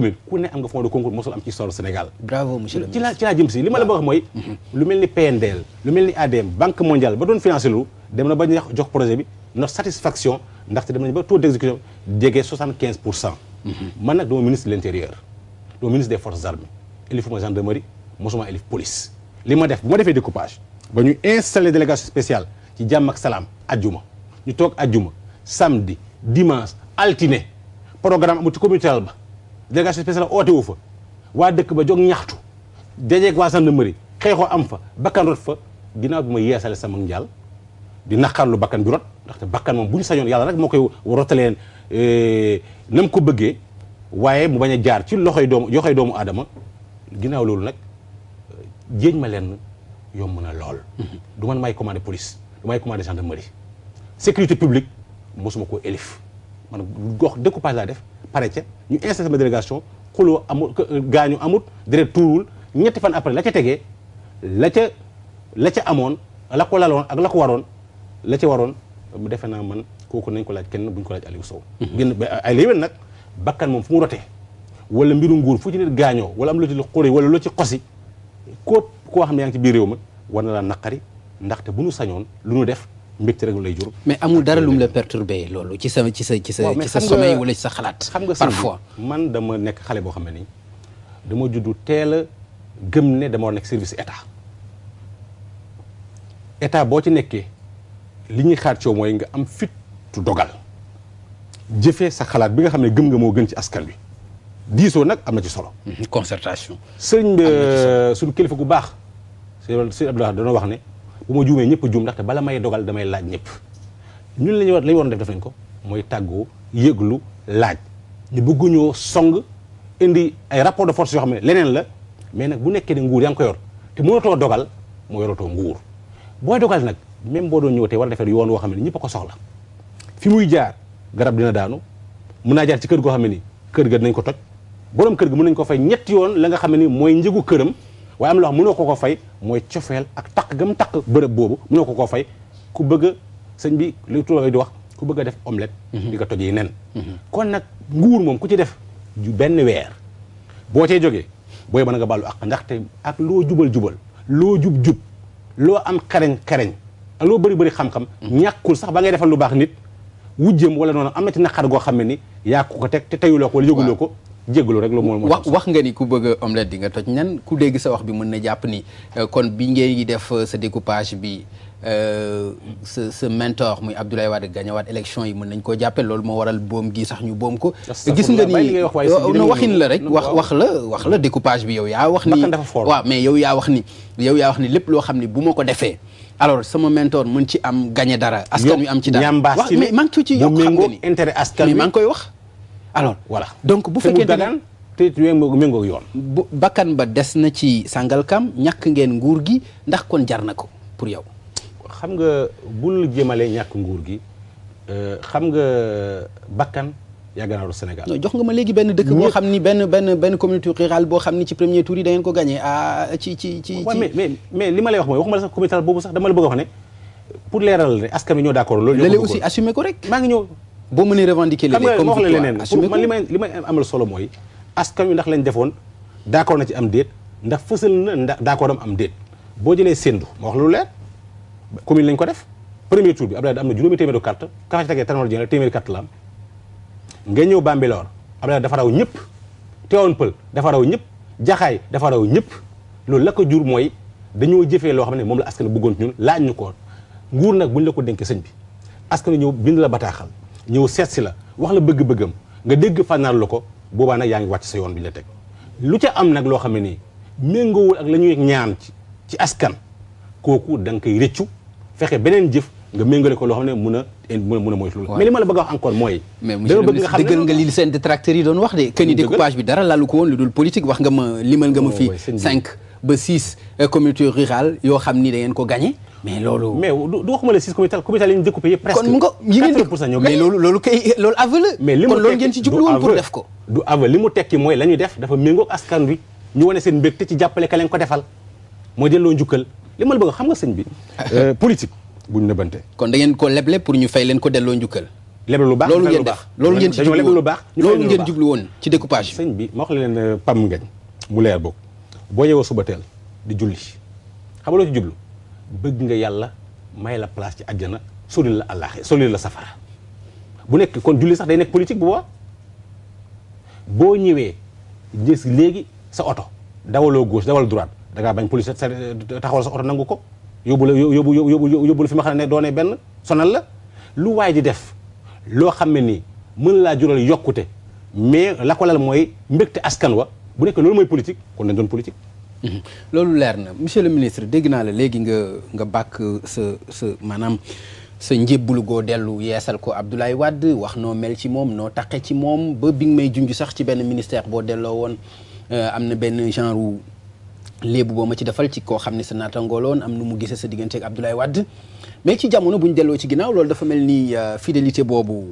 commune ku ne am nga fond de concours mosul am histoire Sénégal. ci laa ci si li ma la bëgg a mooy. lu mel ni PNDL lu mel ni ADM banque mondiale ba doon financé lu dem na ba ñu jox projet bi na satisfaction ndaxte dem nañu ba taux d' exécution jege man nag dama ministre de l' intérieur dama ministre des forces mosuma élif police. li ma def bu ma defee découpage ba ñu installé délégation spéciale ci jàmm ak salaam ajjuma ñu toog ajjuma samedi dimanche délégation spéciale oote wu fa waa dëkk ba jog ñaxtu dajeeg waa gendarmerie xeexoo am fa bakkan rot fa ginnaaw bi ma yeesale sama njaal di naqarlu bakkan bi rot ndaxte bakkan moom bu ñu sañoon yàlla rek moo koy rotaleen eh, nam ko bëggee waaye mu bañ a jaar ci loxoy doomu joxoy doomu aadama ginnaaw loolu nag eh, jéeñ ma leen yomb na lool mm-hmm. du man may commandé police du may commandé gendarmerie sécurité publique mosuma koo élif man gox découpage laa def pare ca ñu installé sama délégation xuloo amul euh, gaañu amut deret tuurul ñetti fan après la ca tegee la ca la ca amoon la ko laloon ak la ko waroon la ca waroon mu defe naa man kooku nañ ko laaj kenn buñ ko laaj Aliou Sow mhm. génn ay léwén nag bakkan moom fu mu rotee wala mbiru nguur fu ci nit gaañoo wala am lu ci xuri wala lu ci xosi koo koo xam ne yaa ngi ci biir réew ma war na laa naqari ndaxte bu ñu sañoon lu ñu def mbégte rek lay jur. mais amul dara lum mu la perturbé loolu ci sa ci sa ci sa ci sa sommeil wala ci sa xalaat. xam nga man dama nekk xale boo xam ne nii dama juddu teel a gëm ne dama war nekk état état boo ci nekkee li ñuy xaar coow mooy nga am fitu dogal jëfee sa xalaat bi nga xam ne gëm nga moo gën ci askan wi diisoo nag am na ci solo. Mhm, concertation. sëñ euh, kilifa gu baax sëñ Abdoulaye dana wax ne. bu ma juumee ñëpp juum ndaxte bala may dogal damay laaj ñëpp ñun la ñu war la ñu waroon def def nañ ko mooy tàggoo yëglu laaj ñu bëgguñoo song indi ay rapport de force yoo xam ne leneen la mais nag bu nekkee ne nguur yaa ngi ko yor te mënatoo dogal moo yoratoo nguur booy dogal nag même boo doon ñëw tey war a defar yoon woo xam ne ñëpp ko soxla fi muy jaar garab dina daanu mun naa jaar ci kër goo xam ne ni kër ga dinañ ko toj borom kër ga mun nañ ko fay ñetti yoon la nga xam ne ni mooy njëgu këram waaye am loo xam mënoo ko ko fay mooy cofeel ak takk gam takk bërëb boobu mënoo ko ko fay ku bëgg a sëñ bi li tubaab yi di wax ku bëgg a def omelette mhm. di toj tojee nen mhm. kon nag nguur moom ku ci def benn weer boo cee jógee booy mën nga bàllu ak ndaxte ak loo jubal-jubal loo jub-jub loo am xereñ-xereñ ak loo bëri bari xam-xam mhm. ñàkkul sax ba ngay defal lu baax nit wujjëm wala noonu am na ci naqar goo xam ne ni yaa ko ko teg te teyuloo ko wala yëguloo ko jégalu rek loolu mooy. wax nga ni ku bëgg omelette di nga toj nan ku dégg sa wax bi mën na jàpp ni euh, kon bi ngay def euh, sa découpage bi euh, sa sa mentor muy Abdoulaye Wade gañawaat élection yi mën nañ koo jàppee loolu moo waral boom gi sax ñu boom ko. gis nga ni waxin la rek wax wax la wax la découpage bi yow yaa wax ni waaw mais yow yaa wax ni yow yaa wax ni lépp loo xam ni bu ma ko defee. alors sama mentor mën ci am gagné dara. askan wi am ci dara waaw mais maa ngi ci yokk xam nga ni intérêt askan wi maa ngi koy wax. alors voilà donc bu fekkee dagan te méngoog yoon bu bakkan ba des na ci sàngalkam ñàkk ngeen nguur gi ndax kon jar na ko pour yow xam nga bul jëmale ñàkk nguur gi euh, xam nga bakkan yaa ganaaru Sénégal non jox nga ma léegi benn dëkk boo xam ni benn benn benn communauté rurale boo xam ni ci premier tour yi da ko gagné ah ci ci ci mais mais li ma lay wax mooy waxuma sax communauté boobu sax dama la bëgg a wax ne pour leeral ne askan wi ñoo aussi assumer ko rek maa ngi boo mënee revendiquer léegi comme wax la leneen pour man li may li may amal solo mooy askan wi ndax lañ defoon d'accord na ci am déet ndax fësal na ndax d'accord am am déet boo jëlee Sendou ma wax lu leer commune lañ ko def premier tour bi Abdoulaye Wade am na juróomi téeméeru carte ka fa ci tegee Tanor Dieng téeméeri carte la am nga ñëw Bambilor Abdoulaye dafa raw ñëpp Tivaouane Peulh dafa raw ñëpp Jaxaay dafa raw ñëpp loolu la jur mooy dañoo jëfee loo xam ne moom la askan bëggoon ñun laaj ñu ko nguur nag bu ñu la ko dénkee sëñ bi askan ñëw bind la bataaxal ñëw seet si la wax la bëgg-bëggam nga dégg fanaar la ko boobaa nag yaa ngi wàcc sa yoon bi la teg lu ca am nag loo xam ne nii méngoowul ak la ñuy ñaan ci ci askan kooku da nga koy rëccu fexe beneen jëf nga méngale ko loo xam ne mun a mun a moytu loolu mais li ma la bëgg a wax encore mooy mais monsieur le ministre nga li seen détracteurs yi doon wax de que ni découpage bi dara lalu ko woon lu dul politique wax nga ma limal nga ma oh, fii cinq ba six euh, communautés rurales yoo xam ni da ngeen ko gagné mais loolu mais du waxuma le six comital comital yi ñu découpé yëpp presque kon mu nga yi ngeen pour cent ñoo mais loolu loolu kay mais li mu tekki mooy la ñuy def dafa méngoog askan wi ñu wane seen mbégte ci jàppale ka leen ko defal mooy delloo njukkal li ma la bëgg xam nga sëñ bi euh, politique buñ nëbbante kon da ngeen ko leble pour ñu fay leen ko delloo njukkal leble lu baax loolu ngeen def loolu ngeen ci jublu lu baax loolu ngeen jublu woon ci découpage sëñ bi ma wax leen euh, pam ngañ mu leer boog boo yeewoo suba teel di julli xam nga loo jublu bëgg nga yàlla may la place ci àjjana sori la allah sori la safara bu nekk kon julli sax day nekk politique bu boobaa boo ñëwee gis léegi sa oto dawaloo gauche dawal droite da ngaa bañ sa taxawal sa oto nangu ko yóbbu la yóbbu yóbbu yóbbu la fi ma xam ne doonee benn sonal la lu waay di def loo xam ne nii mën laa jural yokkute mais la ko lal mooy mbégte askan wa bu nekk loolu mooy politique kon nañ doon politique. Mhm. loolu leer na monsieur le ministre dégg naa la léegi nga nga bàkk sa sa maanaam sa njébbulu goo dellu yeesal ko Abdoulaye Wade wax noo mel ci moom noo taqe ci moom ba bi nga may junj sax ci benn ministère boo delloo woon euh, am na benn genre léebu boo ma ci defal ci koo xam ne sa naataangooloon am nu mu gisee sa diggante ak Abdoulaye Wade mais ci jamono bu ñu delloo ci ginnaaw loolu dafa mel ni euh, fidélité boobu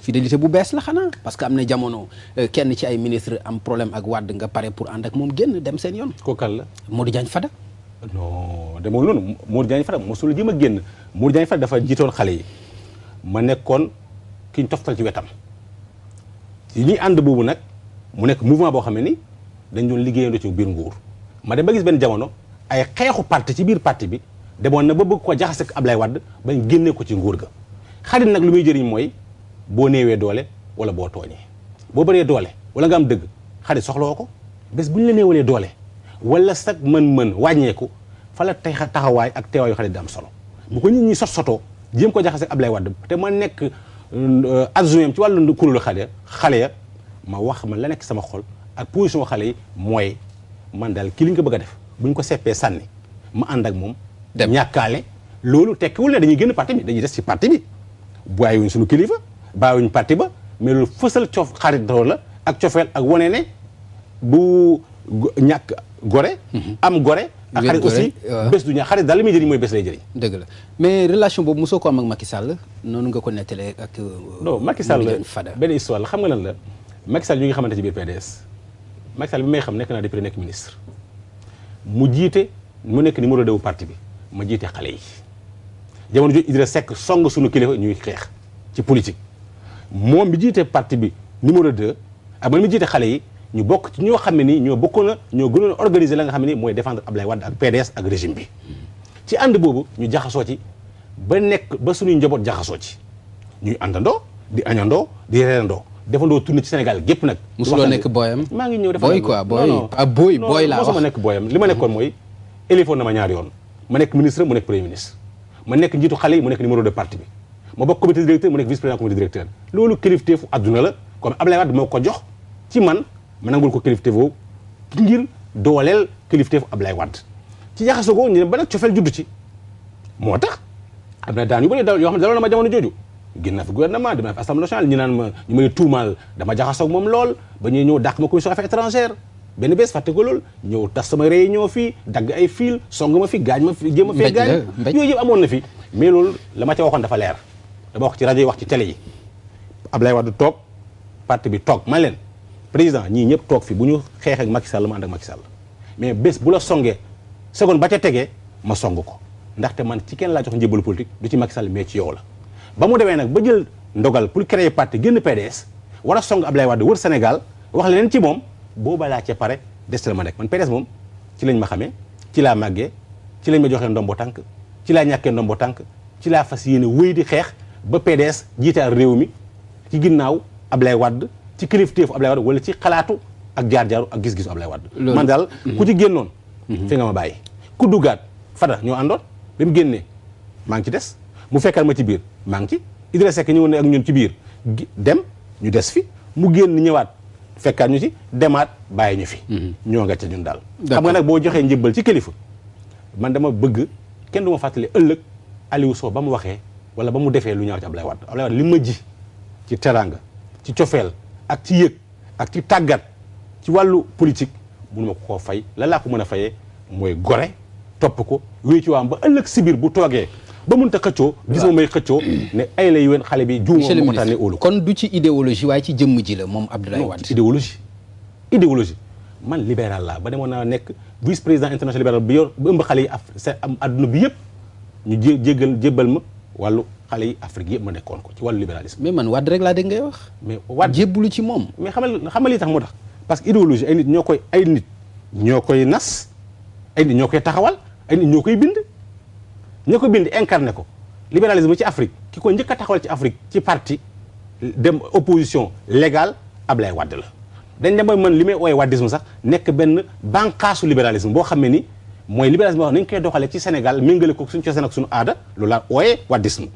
fidélité bu bees la xanaa parce que am na jamono euh, kenn ci ay ministre am problème ak Wade nga pare pour ànd ak moom génn dem seen yoon. kooku kan la Modou Diagne Fada. non demoo noonu Modou Diagne Fada mosul ji ma génn Modou Diagne Fada dafa jiitoon xale yi ma nekkoon ki ñu toftal ci wetam yi ànd boobu nag mu nekk mouvement boo xam ne ni dañ doon liggéeyandoo ci biir nguur. ma dem ba gis benn jamono ay xeexu parti ci biir parti bi demoon na ba bëgg ko jaxase ak Ablaye Wade bañ génne ko ci nguur ga xarit nag lu muy jëriñ mooy boo néewee doole wala boo tooñee boo bëree doole wala nga am dëgg xarit soxlawoo ko bés bu ñu la néewalee doole wala sag mën-mën wàññeeku fa la tey taxawaay ak teewaayu xarit di am solo bu ko nit ñi sot sotoo jéem ko jaxase ak Ablaye Wade te ma nekk euh, adjoint ci wàllu kuréelu xale xale ya ma wax ma la nekk sama xol ak position xale yi mooy man daal kii li ñu ko bëgg a def bu ñu ko seppee sànni ma ànd ak moom. dem ñàkkaale loolu tekkiwul ne dañuy génn parti bi dañuy des ci parti waaye wuñ suñu kilifa bàyyiwuñ parti ba mais loolu fësal coof xarit doon la ak cofeel ak wane ne bu ñàkk gore. Mhm. am gore. ak xarit aussi bés du ñaa xarit daal li muy jëriñ mooy bés lay jëriñ. la mais relation boobu mosoo ko am ak Macky Sall noonu nga ko nettalee ak. Euh, non Macky Sall benn histoire la xam nga lan la Macky Sall ñu ngi xamante ci biir PDS. Macky Sall bi may xam nekk naa député nekk ministre mu jiite mu nekk numéro deux parti bi ma jiite xale yi jamono jooju Idrissa sekk song suñu kilifa ñuy xeex ci politique moom bi jiite parti bi numéro deux ak man mu jiite xale yi ñu bokk ci ñoo xam ne nii ñoo bokkoon ñoo gënoon a la nga xam ne nii mooy défendre Ablaye Wade ak PDS ak régime bi ci ànd boobu ñu jaxasoo ci ba nekk ba suñuy njaboot jaxasoo ci ñuy àndandoo di añandoo di reerandoo defandoo tournée ci Sénégal gépp nag. mosuloo nekk booyam maa ngi ñëw defal booy quoi booy ah booy booy laa wax mosuma nekk booyam li ma nekkoon mooy élifoon na ma ñaari yoon ma nekk ministre mu nekk premier ministre ma nekk njiitu xale yi mu nekk numéro de parti bi ma bokk comité directeur mu nekk vice président comité directeur loolu kilifteefu adduna la comme Ablaye Wade moo ko jox ci man ma nangul ko kilifteefoo ngir dooleel kilifteefu Ablaye Wade la jaxasoo ko ñu ne ba nag cofeel juddu ci moo tax am na daan yu bëri yoo xam ne daloon génn naa fi gouvernement dama fi assemblée nationale naan ma ñu may tuumaal dama jaxasoog moom lool ba ñuy ñëw dàq ma commission affaires étrangères benn bés fàtte ko lool ñëw tas sama réunion fii dagg ay fil song ma fi gaañ ma fi jéem a fee gaañ yooyu yëpp amoon na fi mais loolu la ma ca waxoon dafa leer dama wax ci rajo yi wax ci tele yi lay Ablaye Wade toog parti bi toog man leen président ñii ñëpp toog fi bu ñu xeex ak Macky Sall ma ànd ak Macky Sall mais bés bu la songee seconde ba ca tegee ma song ko ndaxte man ci kenn laa jox njëbalu politique du ci Macky Sall mais ci yow la ba mu demee nag ba jël ndogal pour créer parti génn PDS war a song Ablaye Wade wër Sénégal wax leen ci moom booba laa ca pare des la ma nekk man PDS moom ci lañ ma xamee ci laa màggee ci lañ ma joxe ndombo tànk ci laa ñàkkee ndombo tànk ci laa fas yéene wéy di xeex ba PDS jiitaal réew mi ci ginnaaw Ablaye Wade ci kilifteefu Ablaye Wade wala ci xalaatu ak jaar-jaaru ak gis-gisu Ablaye wadd man daal mm-hmm. ku ci génnoon mm-hmm. fi nga ma bàyyi ku dugaat fada ñoo àndoon bi mu maa ngi ci des mu fekkal ma ci biir maa ngi ci Idrissa Seck ñëw ne ak ñun ci biir dem ñu des fi mu génn ñëwaat fekkaat ñu ci demaat bàyyi ñu fi. Mhm. ñoo nga ca ñun daal. xam nga nag boo joxee njëbbal ci kilifa man dama bëgg kenn duma ma fàttali ëllëg Aliou Sow ba mu waxee wala ba mu defee lu ñaaw ci Ablaye Wade Ablaye Wade li ma ji ci teraanga ci cofeel ak ci yëg ak ci tàggat ci wàllu politique mënuma ko koo fay la laa ko mën a fayee mooy gore topp ko wéy ci waam ba ëllëg si biir bu toogee. ba mënta xëccoo gisuma may xëccoo ne ay lay ween xale bi juuma moo tax ne óolu kon du ci idéologie waaye ci jëmm ji la moom Abdoulaye Wade man libéral laa ba demoon naa nekk vice président international libéral bi yor ba ëmb xale yi Afrique bi yëpp ñu jé jéggal jébbal ma wàllu xale yi Afrique yëpp nekkoon ko ci wàllu libéralisme mais man Wade rek laa dégg ngay wax mais Wade jébbalu ci moom mais xamal xamal li tax moo tax parce que idéologie ay nit ñoo koy ay nit ñoo koy nas ay nit ñoo koy taxawal ay nit ñoo koy bind ña ko bind incarné ko libéralisme ci Afrique ki ko njëkk a taxawal ci Afrique ci parti dem opposition légale Ablaye Wade la dañ dem mën li may ooyee waddisme sax nekk benn bànqaasu libéralisme boo xam ne ni mooy libéralisme boo xam koy doxalee ci Sénégal méngale ko suñu cosaan ak suñu aada loolu laa ooyee waddisme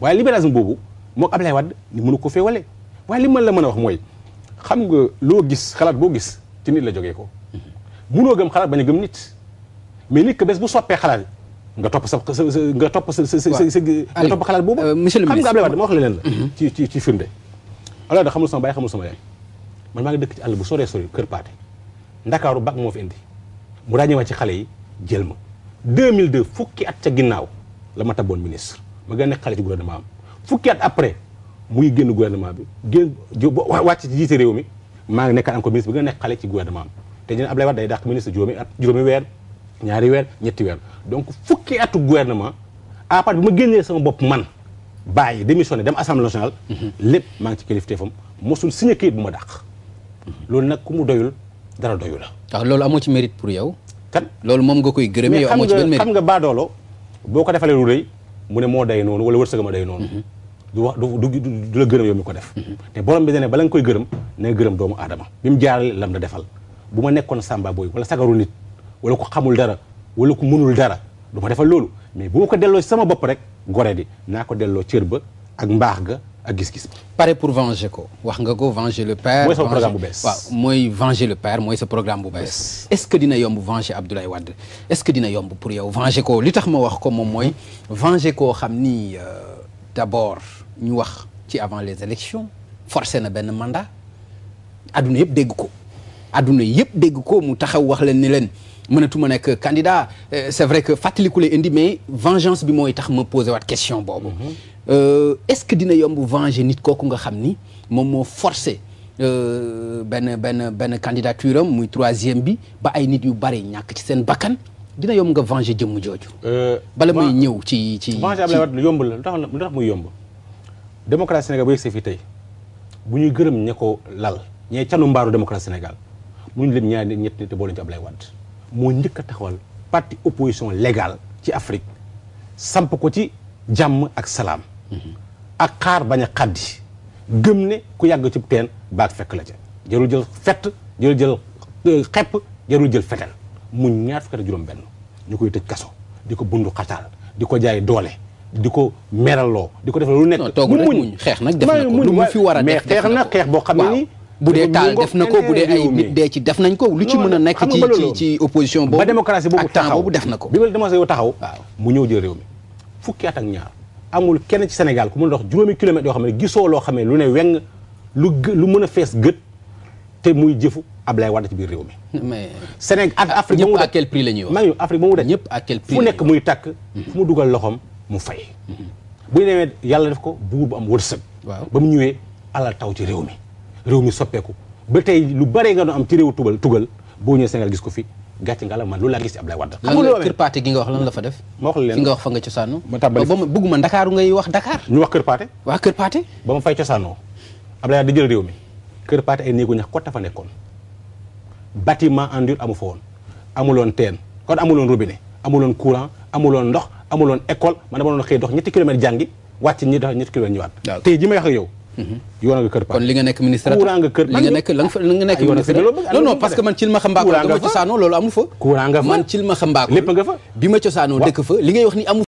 waaye libéralisme boobu moog Ablaye Wade ni mënu ko féewale waaye li man la mën a wax mooy xam nga loo gis xalaat boo gis ci nit la jogee ko mhm. munoo gëm xalaat bañ a gëm nit mais nit que bés bu soppee xalaat nga topp sa nga topp sa sa sa xalaat boobu. Euh, monsieur le ministre nga Abdoulaye Wade ma la leen la. Mm-hmm. ci ci ci firnde. Abdoulaye Wade xamul sama baay xamul sama yaay man ngi dëkk ci àll bu soree sori Kër Paate Ndakaaru bag moo fi mu daa ñëwaat ci xale yi jël ma 2002 fukki at ca ginnaaw la ma taboon ministre ma gën a nekk xale ci gouvernement am fukki at après muy génn gouvernement bi génn wàcc ci jiite réew mi maa ngi nekkaat encore ministre ba gën a nekk xale day ministre juróomi weer ñaari weer ñetti weer donc fukki atu gouvernement à part bi ma génnee sama bopp man bàyyi démissionné dem assemblée nationale. Mhm. lépp maa ngi ci kilifteefam mosul si signé kayit bu ma dàq. Mhm. loolu nag ku mu doyul dara doyul la. waaw ah, loolu amoo ci mérite pour yow. kan loolu moom nga koy gërëmee yow amoo ci benn mérite nga baadoolo boo ko defalee lu mu ne moo day noonu wala wërsëg ma day noonu. Mhm. du wax du du du la gërëm yow mu ko def. te borom bi ne bala nga koy gërëm na gërëm doomu aadama bi mu jaarale lam la defal bu ma nekkoon sàmba wala sagaru nit. wala ku xamul dara wala ku mënul dara du ma defal loolu mais bu ko delloo sama bopp rek gore di naa ko delloo cër ba ak mbaax ga ak gis-gis pare pour venger ko wax nga ko venger le père mooy bu bees waaw mooy venger le père mooy sa programme bu bees es ce que dina yomb venger Abdoulaye Wade est-ce que dina yomb pour yow venger ko li tax ma wax ko moom mooy venger koo xam ni euh, d'abord ñu wax ci avant les élections forcé na benn mandat adduna yëpp dégg ko adduna yëpp dégg ko mu taxaw wax leen ni leen mënatuma nekk candidat euh, c'est vrai que fàttaliku lay indi mais vengeance bi mooy tax ma posé waat question boobu. Mhm. Euh, est-ce que dina yomb venger nit kooku nga xam ni moom moo forcé euh, benn benn benn candidature am muy troisième bi ba ay nit yu bari ñàkk ci seen bakkan dina yomb nga venger jëmm jooju. bala may ñëw ci ci ci venger Abdoulaye Wade yomb la lu tax lu tax muy yomb. démocratie Sénégal bu yegsee fii tey bu ñuy gërëm ña ko lal ñee canu mbaaru démocratie Sénégal mu ñu leen ñaari nit ñett nit boole moo njëkk a taxawal parti opposition légale ci Afrique samp ko ci jàmm ak salaam mhm. ak xaar bañ a xaddi gëm ne ku yàgg ci teen baag fekk la ca jarul jël fett jarul jël euh, xepp jarul jël fetel mu ñaar fukki at juróom benn ñu koy tëj kaso di ko bundu xataal di ko jaay doole di ko meraloo di ko def lu nekk mu muñ xeex nag def na ko lu mu fi war a def mais xeex na xeex boo xam ne nii bu dee taal def na ko bu dee ay nit dee ci def nañ ko lu ci mën a nekk ci ci ci opposition boobu ba démocratie boobu taxaw boobu def na ko bi démocratie boobu taxaw waaw mu ñëw jël réew mi fukki at ak ñaar amul kenn ci Sénégal ku mën a dox juróomi kilomètres yoo xam ne gisoo xam ne lu ne weng lu lu mën a fees gët te muy jëfu Ablaye Wade ci biir réew mi mais Sénégal Afrique ñëpp à quel prix la ñuy wax maa Afrique ba mu def ñëpp à quel prix fu nekk muy takk fu mu dugal loxoom mu fay mm-hmm. bu ñu demee yàlla def ko buur bu am wërsëg waaw ba mu ñëwee alal taw ci réew mi réew mi soppeeku ba tey lu bare nga doon am ci réewu tugal tugal boo ñëwee Sénégal gis ko fi gàcce nga la man lu laa gis ci Abdoulaye Wade xam nga kër paate gi nga wax lan la leen nga wax fa nga cosaanoo ma tàmbali ba ma bëgguma Ndakaaru ngay wax Dakar ñu wax kër paate waa kër paate ba ma fay cosaanoo jël réew mi kër paate ay néegu ñax kott fa nekkoon bâtiment en dur amu fa woon amuloon teen kon amuloon robinet amuloon courant amuloon ndox amuloon école man dama doon xëy dox ñetti kilomètres jàngi wàcc ñi dox ñetti kilomètres ñëwaat tey ji may wax a yow yoona nga kër parce que man cil ma xambaako dama cosaanoo amu fa bi ma cosaanoo dëkk fa li ngay wax ni amu